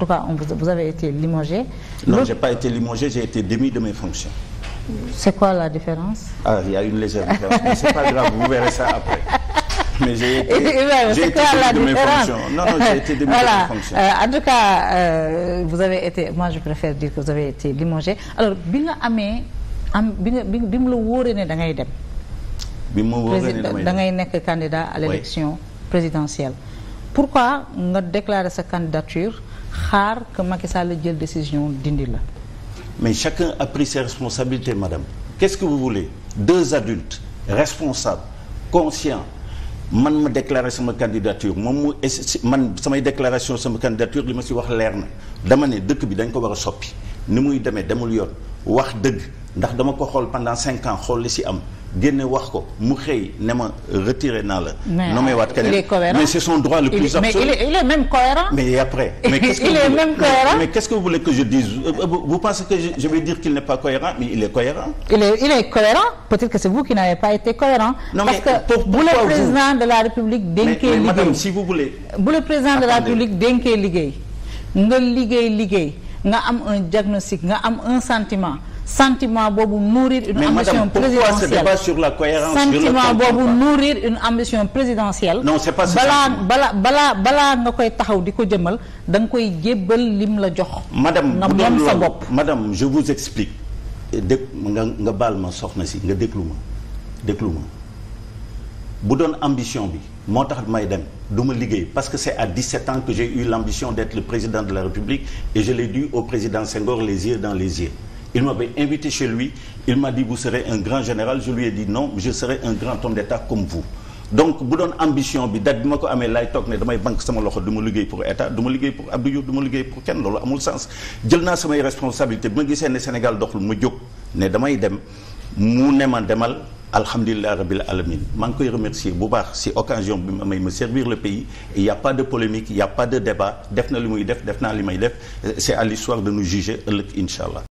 tout cas, on vous, vous avez été limogé. Non, je n'ai été limogé, j'ai été démis de mes fonctions. C'est quoi la différence Ah, il y a une légère différence, mais ce n'est pas grave, vous verrez ça après. Mais la de Non, non, été démis de mes fonctions. Euh, euh, vous avez été, moi je préfère dire que vous avez été limogé. Alors, bi nga amee, am bi nga bi mu la da ngay dem. bi mu wóoree ne da ngay nekk candidat à l'élection oui. présidentielle. Pourquoi nga déclarer sa candidature xaar que Macky Sall jël décision dindi la. mais chacun a pris ses responsabilités madame qu'est-ce que vous voulez deux adultes responsables conscients man ma déclarer sama candidature moom mu man samay déclaration sama candidature li ma ci wax leer na dama ne dëkk bi dañ ko war a soppi ni muy demee demul yoon wax dëgg. ndax dama ko xool pendant cinq ans xool li si am génne wax ko mu xëy ne ma retiré naa la. nommé waat euh, keneen mais c'est son droit le plus absolu. mais il est il est même cohérent. mais il est même cohérent. mais il est cohérent. il il est cohérent peut-être que c'est vous qui n'avez pas été cohérent. non mais pour président de la République. dénkee liggéey le président de la République dénkee liggéey. nga liggéey liggéey nga am un diagnostic nga am un sentiment. sentiment boobu nourrir une mais ambition madame, présidentielle ce débat sur la une ambition présidentielle non c'est pas balaa balaa balaa balaa nga koy taxaw di ko jëmal danga nga koy jébbal mu la jox madame nga moom sa bopp madame je vous explique dég nga nga baal ma soxna si nga déglu ma déglu bu doon ambition bi moo tax may dem du ma liggéey parce que c'est à 17 ans que j'ai eu l'ambition d'être le président de la République et je l'ai dit au président Senghor les yeux dans les Il m'avait invité chez lui. Il m'a dit, vous serez un grand général. Je lui ai dit, non, je serai un grand homme d'État comme vous. donc bu doon ambition bi date bi ma ko amee laay toog ne damay banque sama loxo du ma liggéey pour état du ma liggéey pour Abdou Diouf du ma liggéey pour kenn loolu amul sens jël naa samay responsabilité bi ma gisee ne Sénégal doxul ma jóg ne damay dem mu ne ma demal alhamdulilah rabil alamin maa ngi koy remercier bu baax si occasion bi ma may ma servir le pays y a pas de polémique il a pas de débat muy def def naa li may def c'est à l'histoire de nous juger ëllëg allah